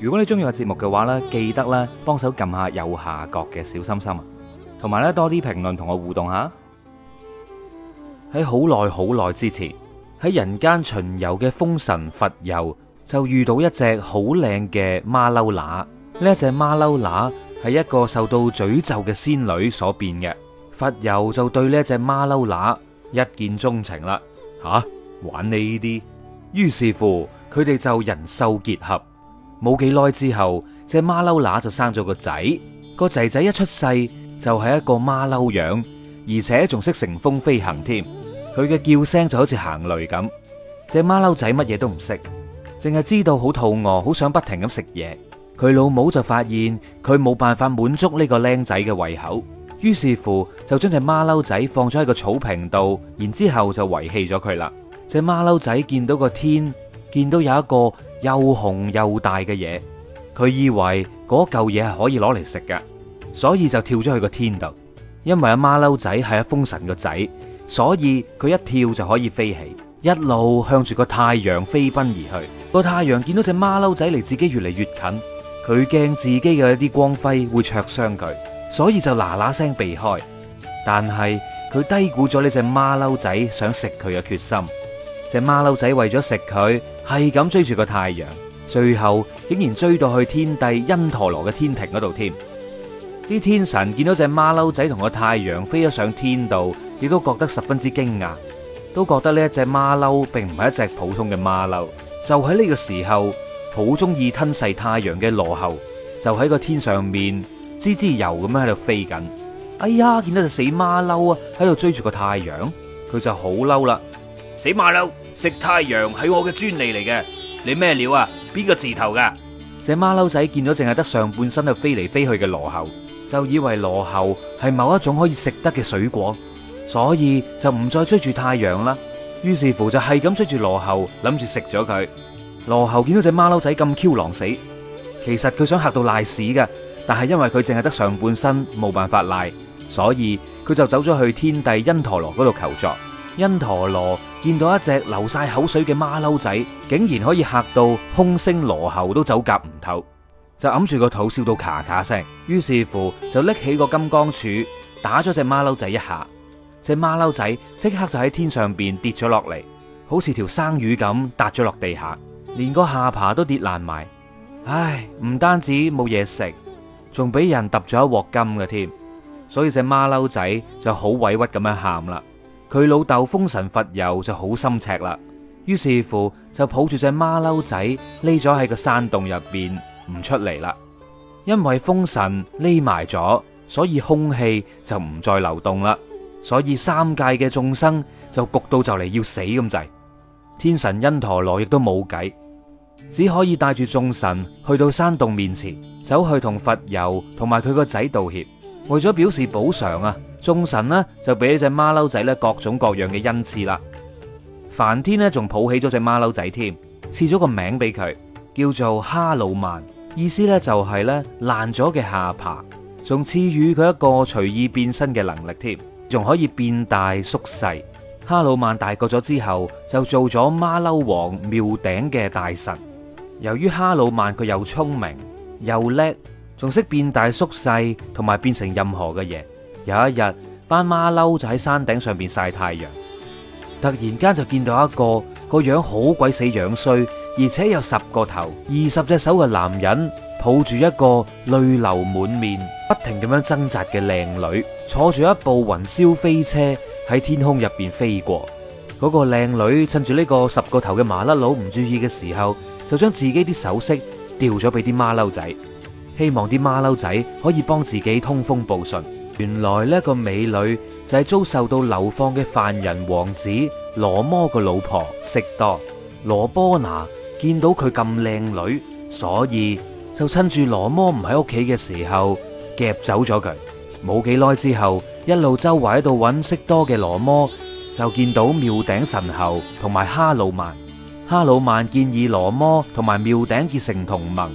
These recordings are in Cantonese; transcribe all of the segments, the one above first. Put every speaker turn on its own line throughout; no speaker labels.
如果你中意個節目嘅話呢，記得咧幫手撳下右下角嘅小心心，同埋咧多啲評論同我互動下。喺好耐好耐之前，喺人間巡遊嘅風神伐尤就遇到一隻好靚嘅馬騮乸。呢一隻馬騮乸係一個受到詛咒嘅仙女所變嘅。伐尤就對呢一隻馬騮乸一見鍾情啦，吓、啊、玩你呢啲。於是乎，佢哋就人獸結合。冇幾耐之後，隻馬騮乸就生咗個仔。個仔仔一出世就係一個馬騮樣，而且仲識乘風飛行添。佢嘅叫聲就好似行雷咁。隻馬騮仔乜嘢都唔識，淨係知道好肚餓，好想不停咁食嘢。佢老母就發現佢冇辦法滿足呢個靚仔嘅胃口，於是乎就將隻馬騮仔放咗喺個草坪度，然之後就遺棄咗佢啦。隻馬騮仔見到個天，見到有一個。又紅又大嘅嘢，佢以為嗰嚿嘢係可以攞嚟食㗎，所以就跳咗去個天度。因為阿孖騮仔係阿風神個仔，所以佢一跳就可以飛起，一路向住個太陽飛奔而去。個太陽見到隻孖騮仔離自己越嚟越近，佢驚自己嘅一啲光輝會灼傷佢，所以就嗱嗱聲避開。但係佢低估咗呢隻孖騮仔想食佢嘅決心。隻馬騮仔為咗食佢，係咁追住個太陽，最後竟然追到去天帝因陀羅嘅天庭嗰度添。啲天神見到隻馬騮仔同個太陽飛咗上天度，亦都覺得十分之驚訝，都覺得呢一隻馬騮並唔係一隻普通嘅馬騮。就喺呢個時候，好中意吞噬太陽嘅羅喉，就喺個天上面滋滋油咁樣喺度飛緊。哎呀，見到隻死馬騮啊，喺度追住個太陽，佢就好嬲啦，死馬騮！食太陽係我嘅專利嚟嘅，你咩料啊？邊個字頭噶？隻馬騮仔見到淨係得上半身去飛嚟飛去嘅羅喉，就以為羅喉係某一種可以食得嘅水果，所以就唔再追住太陽啦。於是乎就係咁追住羅喉，諗住食咗佢。羅喉見到隻馬騮仔咁 Q 狼死，其實佢想嚇到賴屎嘅，但係因為佢淨係得上半身冇辦法賴，所以佢就走咗去天帝因陀羅嗰度求助。因陀羅見到一隻流晒口水嘅馬騮仔，竟然可以嚇到空聲羅喉都走夾唔透，就揞住個肚笑到咔咔聲。於是乎就拎起個金剛杵打咗隻馬騮仔一下，隻馬騮仔即刻就喺天上邊跌咗落嚟，好似條生魚咁笪咗落地下，連個下巴都跌爛埋。唉，唔單止冇嘢食，仲俾人揼咗一鑊金嘅添，所以隻馬騮仔就好委屈咁樣喊啦。佢老豆風神佛友就好心赤啦，於是乎就抱住隻馬騮仔匿咗喺個山洞入邊唔出嚟啦。因為風神匿埋咗，所以空氣就唔再流動啦，所以三界嘅眾生就焗到就嚟要死咁滯。天神因陀羅亦都冇計，只可以帶住眾神去到山洞面前，走去同佛友同埋佢個仔道歉，為咗表示補償啊。眾神呢，就俾呢隻馬騮仔咧各種各樣嘅恩賜啦。梵天呢，仲抱起咗隻馬騮仔添，賜咗個名俾佢，叫做哈奴曼，意思呢，就係呢爛咗嘅下巴，仲賜予佢一個隨意變身嘅能力，添仲可以變大縮細。哈奴曼大個咗之後就做咗馬騮王廟頂嘅大神。由於哈奴曼佢又聰明又叻，仲識變大縮細，同埋變成任何嘅嘢。有一日，班馬騮就喺山頂上邊晒太陽，突然間就見到一個個樣好鬼死樣衰，而且有十個頭、二十隻手嘅男人，抱住一個淚流滿面、不停咁樣掙扎嘅靚女，坐住一部雲霄飛車喺天空入邊飛過。嗰個靚女趁住呢個十個頭嘅麻甩佬唔注意嘅時候，就將自己啲首飾掉咗俾啲馬騮仔，希望啲馬騮仔可以幫自己通風報信。原來呢個美女就係遭受到流放嘅犯人王子羅摩嘅老婆色多，羅波拿見到佢咁靚女，所以就趁住羅摩唔喺屋企嘅時候夾走咗佢。冇幾耐之後，一路周圍喺度揾色多嘅羅摩就見到廟頂神猴同埋哈奴曼。哈奴曼建議羅摩同埋廟頂結成同盟，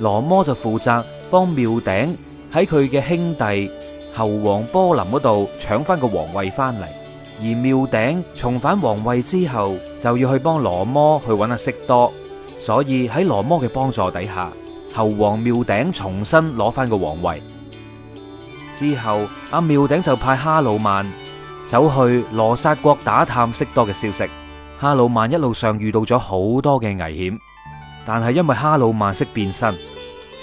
羅摩就負責幫廟頂喺佢嘅兄弟猴王波林嗰度搶翻個皇位翻嚟，而廟頂重返皇位之後，就要去幫羅摩去揾阿色多，所以喺羅摩嘅幫助底下，猴王廟頂重新攞翻個皇位。之後阿廟頂就派哈魯曼走去羅薩國打探色多嘅消息。哈魯曼一路上遇到咗好多嘅危險，但係因為哈魯曼識變身，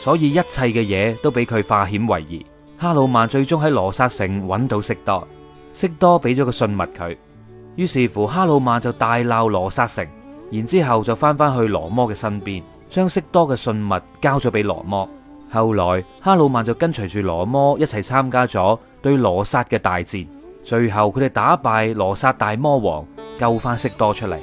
所以一切嘅嘢都俾佢化險為夷。哈奴曼最終喺羅剎城揾到色多，色多俾咗個信物佢，於是乎哈奴曼就大鬧羅剎城，然之後就翻返去羅摩嘅身邊，將色多嘅信物交咗俾羅摩。後來哈奴曼就跟隨住羅摩一齊參加咗對羅剎嘅大戰，最後佢哋打敗羅剎大魔王，救翻色多出嚟。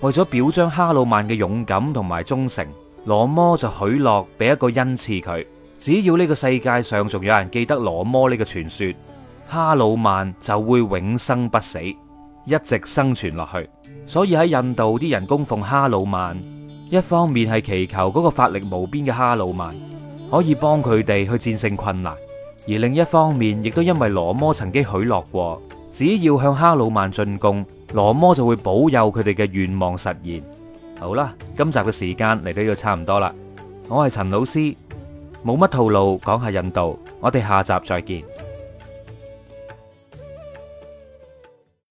為咗表彰哈奴曼嘅勇敢同埋忠誠，羅摩就許諾俾一個恩賜佢。只要呢個世界上仲有人記得羅摩呢個傳說，哈魯曼就會永生不死，一直生存落去。所以喺印度啲人供奉哈魯曼，一方面係祈求嗰個法力無邊嘅哈魯曼可以幫佢哋去戰勝困難，而另一方面亦都因為羅摩曾經許諾過，只要向哈魯曼進貢，羅摩就會保佑佢哋嘅願望實現。好啦，今集嘅時間嚟到呢度差唔多啦，我係陳老師。冇乜套路，講下印度，我哋下集再見。